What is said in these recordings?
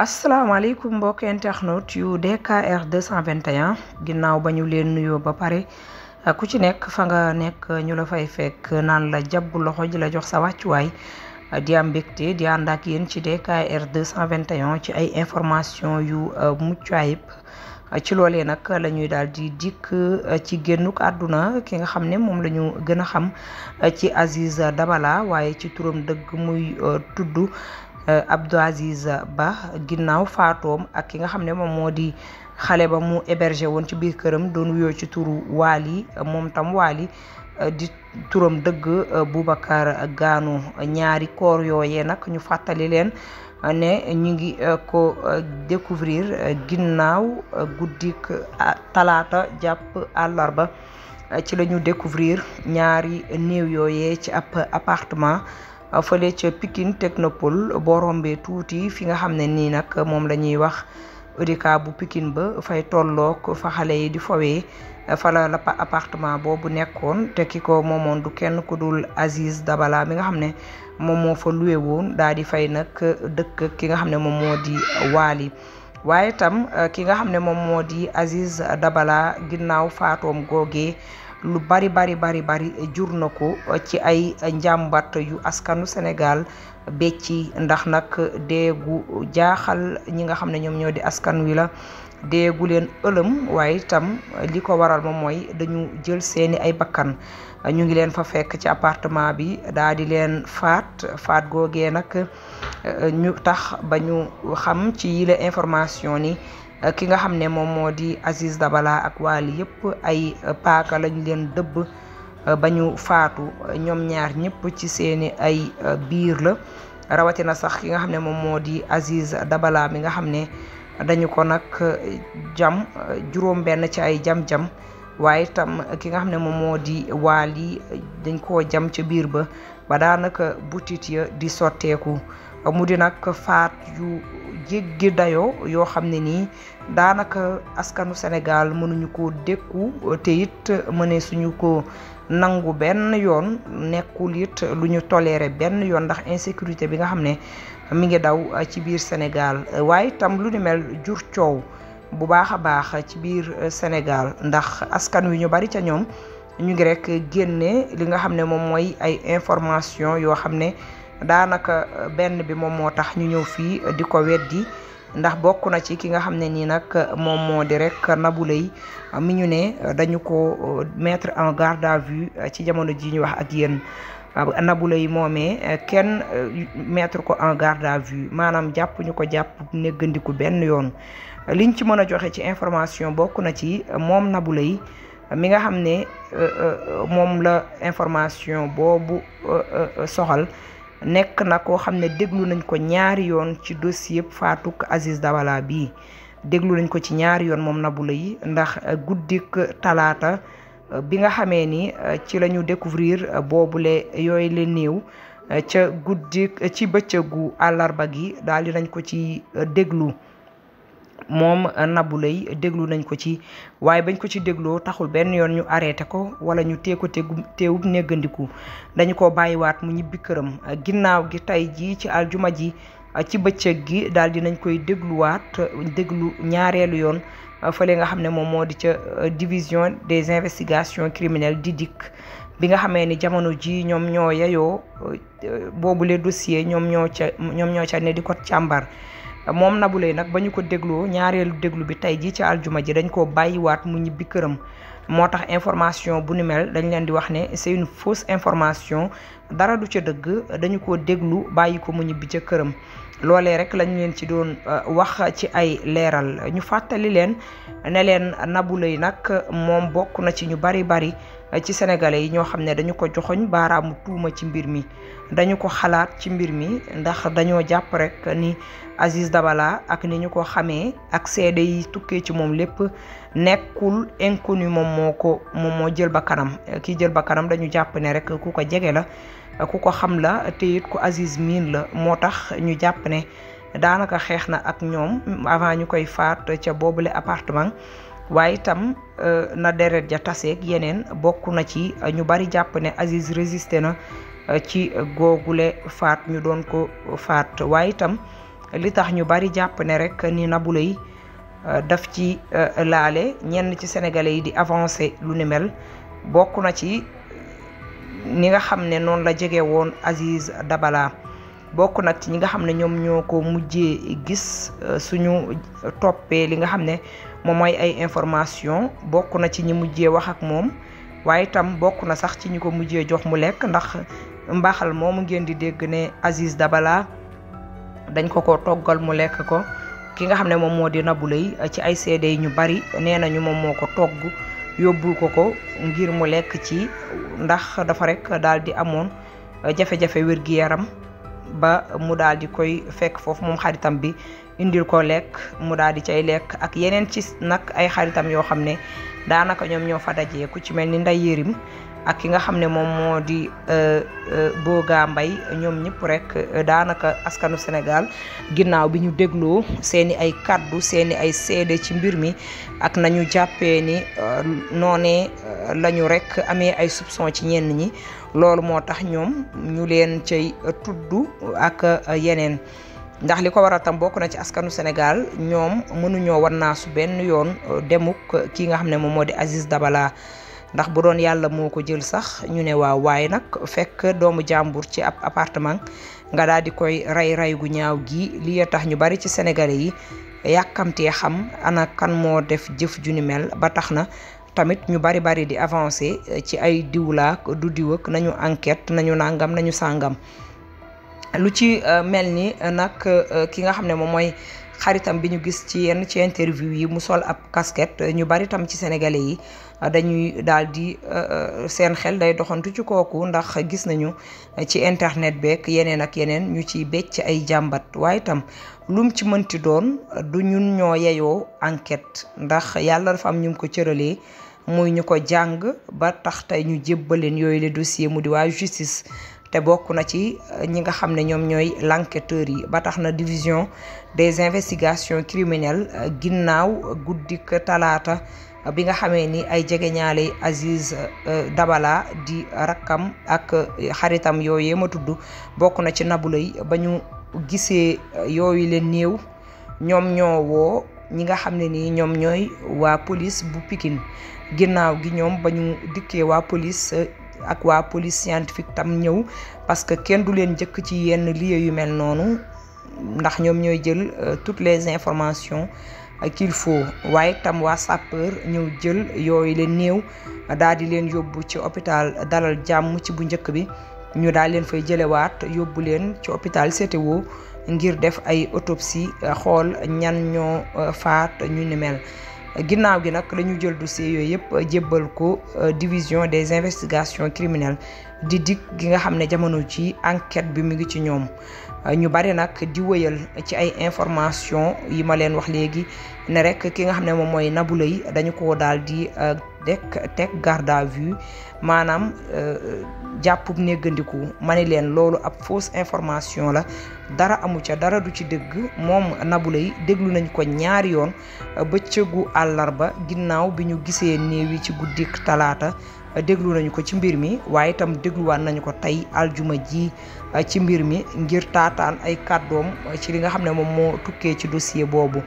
asalaamaaleykum mbokk internet yu DKR 221 ginnaaw ba ñu leen nuyoo ba pare ku ci nekk fa nga nekk ñu la fay fekk naan la jàpp loxo ji la jox sa wàccuwaay di am mbégte di ànd ak yéen ci DKR 221 ci ay information yu euh, mucc ayib ci loolee nag la daal di dikk euh, ci génnuk àdduna ki nga xam ne moom la ñu gën a xam euh, ci Aziz Dabala waaye ci turam dëgg muy tudd. Euh, Abdou Aziz Ba ginnaaw faatoom ak ki nga xam ne moom moo di xale ba mu hébergé woon ci biir këram doon wuyoo ci turu Waly moom tam Waly euh, di turam dëgg euh, Boubacar Ganou ñaari koor yooyee nag ñu fàttali leen ne ñu ngi ko découvrir ginnaaw guddik talaata jàpp àllarba ci lañu découvrir ñaari néew yooyee ci ab appartement fële ca Pikine Technopole boo rombee tuuti fi nga xam ne nii nag moom la ñuy wax Odeca bu Pikine ba fay tolloog fa xale yi di fawee fala la appartement boobu nekkoon te ki ko moomoon du kenn ku dul Aziz Dabala mi nga xam ne moom moo fa luwe woon daal di fay nag dëkk ki nga xam ne moom moo di Waali waaye tam ki nga xam ne moom moo di Aziz Dabala ginnaaw faatoom googee lu bari bari bari bari jur na ko ci ay njàmbat yu askanu Sénégal becci ndax nag deegu jaaxal ñi nga xam ne ñoom ñoo di askan wi la déegu leen ëlëm waaye itam li ko waral moom mooy dañu jël seeni ay bakkan ñu ngi leen fa fekk ci appartement bi daal di leen faat faat googee nag euh, ñu tax ba ñu xam ci information ni euh, ki nga xam ne moom moo di Aziz Dabala ak Wally yëpp ay euh, paaka lañ leen dëbb ba faatu ñoom ñaar ñëpp ci seeni ay biir la rawatina sax ki nga xam ne moom moo di Aziz Dabala mi nga xam ne dañu ko nag jam juróom benn ci ay jam-jam waaye tam ki nga xam ne moom moo di waali dañ koo jam ca biir ba ba daanaka butit ya di sotteeku mu di nag faat yu jéggi dayoo yoo xam ne nii daanaka askanu Sénégal mënuñu ko dékku te it mëne suñu ko nangu benn yoon nekkul it lu ñu toléré benn yoon ndax insécurité bi nga xam ne mi ngi daw euh, ci biir Sénégal euh, waaye itam lu ni mel jur coow bu baax a baax ci biir euh, Sénégal ndax askan wi ñu bari ca ñoom ñu ngi rek génne li nga xam ne moom mooy ay information yoo xam ne daanaka benn bi moom moo tax ñu ñëw fii di ko weddi ndax bokk na ci ki nga xam ne nii nag moom moo di rek Nabou Leye mi ñu ne dañu ko euh, mettre un garde à vue euh, ci jamono ji ñu wax ak yéen euh, Nabou Leye moomee kenn mettre ko en garde à vue maanaam jàpp ñu ko jàpp néggandiku benn yoon liñ ci mën a joxe ci information bokk na ci moom Nabou Leye mi nga xam ne moom la information boobu soxal nekk na koo xam ne déglu nañ ko ñaari yoon ci dossier faatuk Aziz Dabala bii déglu nañ ko ci ñaari yoon moom Nabou Leye ndax euh, guddik talaata euh, bi nga xamee ni euh, ci lañu ñu découvrir boobule yooyu le néew ca guddik ci bëccëgu àllarba gi daal nañ ko ci déglu moom Nabou Leye déglu nañ ko ci waaye bañ ko ci dégloo taxul benn yoon ñu arrêté ko wala ñu teeko ko tegu teewub néggandiku dañu ko bàyyiwaat mu ñibbi këram ginnaaw gi tey jii ci aljuma ji ci bëccëg gi daal nañ koy dégluwaat déglu ñaareelu yoon fa fële nga xam ne moom moo di ca euh, division des investigations criminelles di dikk bi nga xamee ni jamono ji ñoom ñoo yayoo boobu euh, boobule dossier ñoom ñoo ca ñoom ñoo ca ne di ko càmbar moom Nabou Leye nag ba ñu ko dégloo ñaareelu déglu bi tey ji ci aljuma ji dañ koo bàyyiwaat mu ñibbi këram moo tax information bu ni mel dañ leen di wax ne c'est une information dara du ca dëgg dañu ko déglu bàyyi ko mu ñibbi ca loolee rek lañu leen ci doon euh, wax ci ay leeral ñu fàttali leen ne leen Nabou Leye nag moom bokk na ci ñu bari bari ci sénégalais yi ñoo xam ne dañu ko joxoñ baaraamu tuuma ci mbir mi dañu ko xalaat ci mbir mi ndax dañoo jàpp rek ni Aziz Dabala ak ni ñu ko xamee ak seede yi tukkee ci moom lépp nekkul inconnu moom moo ko moom moo jël ba kanam kii jël ba kanam dañu jàpp ne rek ku ko jege la ku ko xam la te it ku Aziz miin la moo tax ñu jàpp ne daanaka xeex na ak ñoom avant ñu koy faat ca boobule appartement waaye itam euh, na deret ja taseeg yeneen bokk na ci ñu bari jàpp ne Aziz résisté na ci googule faat ñu doon ko faat waaye itam li tax ñu bari jàpp ne rek ni Nabou Leye euh, daf ci euh, laale ñenn ci sénégalais yi di avancé lu ni mel bokk na ci ni nga xam ne noonu la jege woon Aziz Dabala bokk nag ci ñi nga xam ne ñoom ñoo ko mujjee gis euh, suñu toppee li nga xam ne moom mooy ay information bokk na ci ñi mujjee wax ak moom waaye itam bokk na sax ci ñu ko mujjee jox mu lekk ndax mbaxal moomu ngeen di dégg ne Aziz Dabala dañ ko ko toggal mu lekk ko ki nga xam ne moom moo di Nabou Leye ci ay seede yi ñu bari nee nañu moom moo ko togg yóbbul ko ko ngir mu lekk ci ndax dafa rekk daal di amoon jafe-jafe wér-gi-yaram ba mu dal di koy fekk foofu moom xaritam bi indil ko lekk mu daal di cay lekk ak yeneen ci nag ay xaritam yoo xam ne daanaka ñoom ñoo fa dajee ku ci mel ni Ndeye Yérim ak ki nga xam ne moom moo di euh, euh, Boga Mbaye ñoom ñëpp rek euh, daanaka askanu Sénégal ginnaaw bi ñu dégloo seeni ay kàddu seeni ay seede ci mbir mi ak nañu jàppee ni noonee lañu rek amee ay soupçon ci ñenn ñi loolu moo tax ñoom ñu leen cay tudd ak yeneen ndax li ko waral tam bokk na ci askanu Sénégal ñoom mënuñoo war naa su benn yoon euh, demuk kii nga xam ne moom moo di Aziz Dabala ndax bu doon yàlla moo ko jël sax ñu ne waaw waaye nag fekk doomu jàmbur ci ab appartement nga daal di koy rey rey gu ñaaw gi li tax ñu bari ci sénégalais yi yàkkamtee xam ana kan moo def jëf ju ni mel ba tax na tamit ñu bari bari di avancé euh, ci ay diwlaak du diw ak nañu enquête nañu nangam nañu sàngam lu ci euh, mel ni euh, nag euh, ki nga xam ne moom mooy xaritam bi ñu gis ci yenn ci interview yi mu sol ab casquette ñu bari tam ci sénégalais yi dañuy daal di seen xel day doxantu ci kooku ndax gis nañu ci internet beeg yeneen ak yeneen ñu ciy becc ay jàmbat waaye tam lum ci mënti doon du ñun ñoo yeyoo enquête ndax yàlla dafa am ñu ko cëralee muy ñu ko jàng ba tax tey ñu jébbaleen yooyu le dossier mu di waa justice te bokk na ci euh, ñi nga xam ne ñoom ñooy l'enquêteur yi ba tax na division des investigations criminelles euh, ginnaaw guddik talaata euh, bi nga xamee ni ay jege ñaale Aziz Dabala di rakkam ak xaritam yooyee ma tudd bokk na ci nabulay ba ñu gisee yooyu leen néew ñoom ñoowoo ñi nga xam ne ni ñoom ñooy waa police bu pikin ginnaaw gi ñoom ba ñu dikkee waa police ak waa police scientifique tam ñëw parce que kenn du leen jëkk ci yenn lieu yu mel noonu ndax ñoom ñooy jël euh, toutes les informations euh, qu'il faut waaye tam waa sapeur ñëw jël yooyu leen néew daal di leen yóbbu ci hôpital dalal jàmm ci bu njëkk bi ñu daal leen fay jëlewaat yóbbu leen ci hôpital CTO ngir def ay autopsie euh, xool ñan ñoo faat ñu ni mel ginnaaw gi nag lañu jël jël dossier yooyu yëpp euh, jébbal ko euh, division des investigations criminelles di DIC gi nga xam ne jamono ci enquête bi mu ngi ci ñoom ñu bari nag di wëyal ci ay information yi ma leen wax léegi ne rek ki nga xam ne moom mooy Nabou Leye dañu ko daal di dekk euh, tek garde à vue maanaam euh, jàppub néggandiku ma ni leen loolu ab fausse information la dara amu ca dara du ci dëgg moom Nabou Leye déglu nañ ko ñaari yoon euh, bëccëgu àllarba ginnaaw bi ñu gisee néew yi ci guddi talaata déglu nañu ko ci mbir mi waaye itam dégluwaat nañu ko tey aljuma ji ci mbir mi ngir taataan ay kàddoom ci li nga xam ne moom moo tukkee ci dossier boobu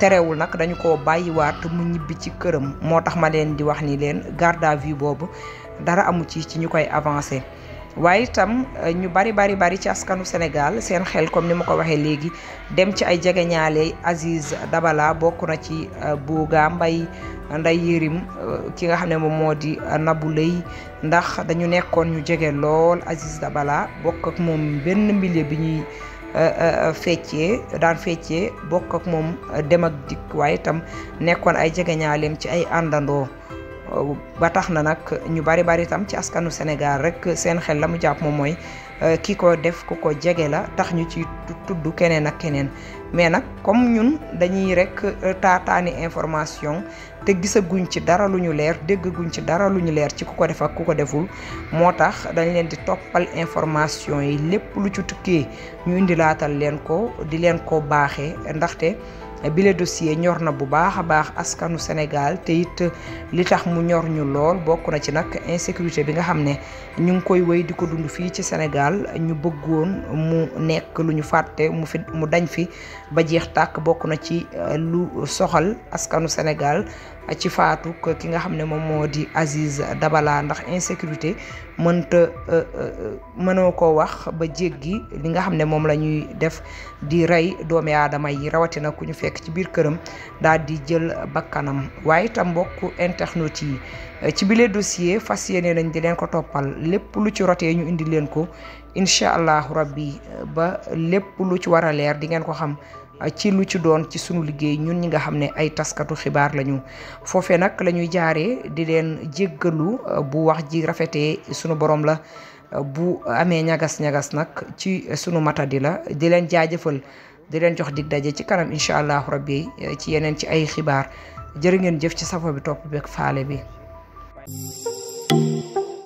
terewul nag dañu ko bàyyiwaat mu ñibbi ci këram moo tax ma leen di wax ni leen garde à vue boobu dara amu ci ci ñu koy avancé waaye itam euh, ñu bari bari bari ci askanu Sénégal seen xel comme ni ma ko waxee léegi dem ci ay jegeñaale Aziz Dabala bokk na ci euh, Bouga Mbaye Ndeye Yérim euh, ki nga xam ne moom moo di Nabou Leye ndax dañu nekkoon ñu jege lool Aziz Dabala bokk ak moom benn milieu bi ñuy feccee daan feccee bokk ak moom dem ak dikk waaye itam nekkoon ay jegeñaaleem ci ay àndandoo ba tax na nag ñu bari bari tam ci askanu Sénégal rek seen xel la mu jàpp moom mooy euh, ki ko def ku ko jege la tax ñu ci tudd keneen ak keneen mais nag comme ñun dañuy rek euh, taataani information te gisaguñ ci dara lu ñu leer déggaguñ ci dara lu ñu leer ci ku ko def ku ko deful moo tax dañ leen di toppal information yi lépp lu ci tukkee ñu indi laatal leen ko di leen ko baaxee ndaxte E bile dossier ñor na bu baax a baax askanu Sénégal te it li tax mu ñor ñu lool bokk na ci nag insécurité bi nga xam ne ñu ngi koy woy di ko dund fii ci senegal ñu bëggoon mu nekk lu ñu fàtte mu fi mu dañ fi ba jeex tàkk bokk na ci euh, lu soxal askanu Sénégal ci faatu ki nga xam ne moom moo di Aziz Dabala ndax insécurité mënta euh, euh, mënoo ko wax ba jéggi li nga xam ne moom la ñuy def di rey doomi aadama yi rawatina ku ñu fekk ci biir këram daal di jël bakkanam waaye itam mbokk internet yi euh, ci bile dossier fas yéene nañ di leen ko toppal lépp lu ci rotee ñu indi leen ko incha allahu rabbi ba lépp lu ci war a leer di ngeen ko xam ci lu ci doon ci sunu liggéey ñun ñi nga xam ne ay taskatu xibaar lañu foofee nag lañuy ñuy jaaree di leen jéggalu euh, bu wax ji rafetee sunu borom la euh, bu amee ñagas-ñagas nag ci sunu matadi la di leen jaajëfal di leen jox dig daje ci kanam incha allahu rabbi euh, ci yeneen ci ay xibaar jërë ngeen jëf ci safa bi topp beeg faale bi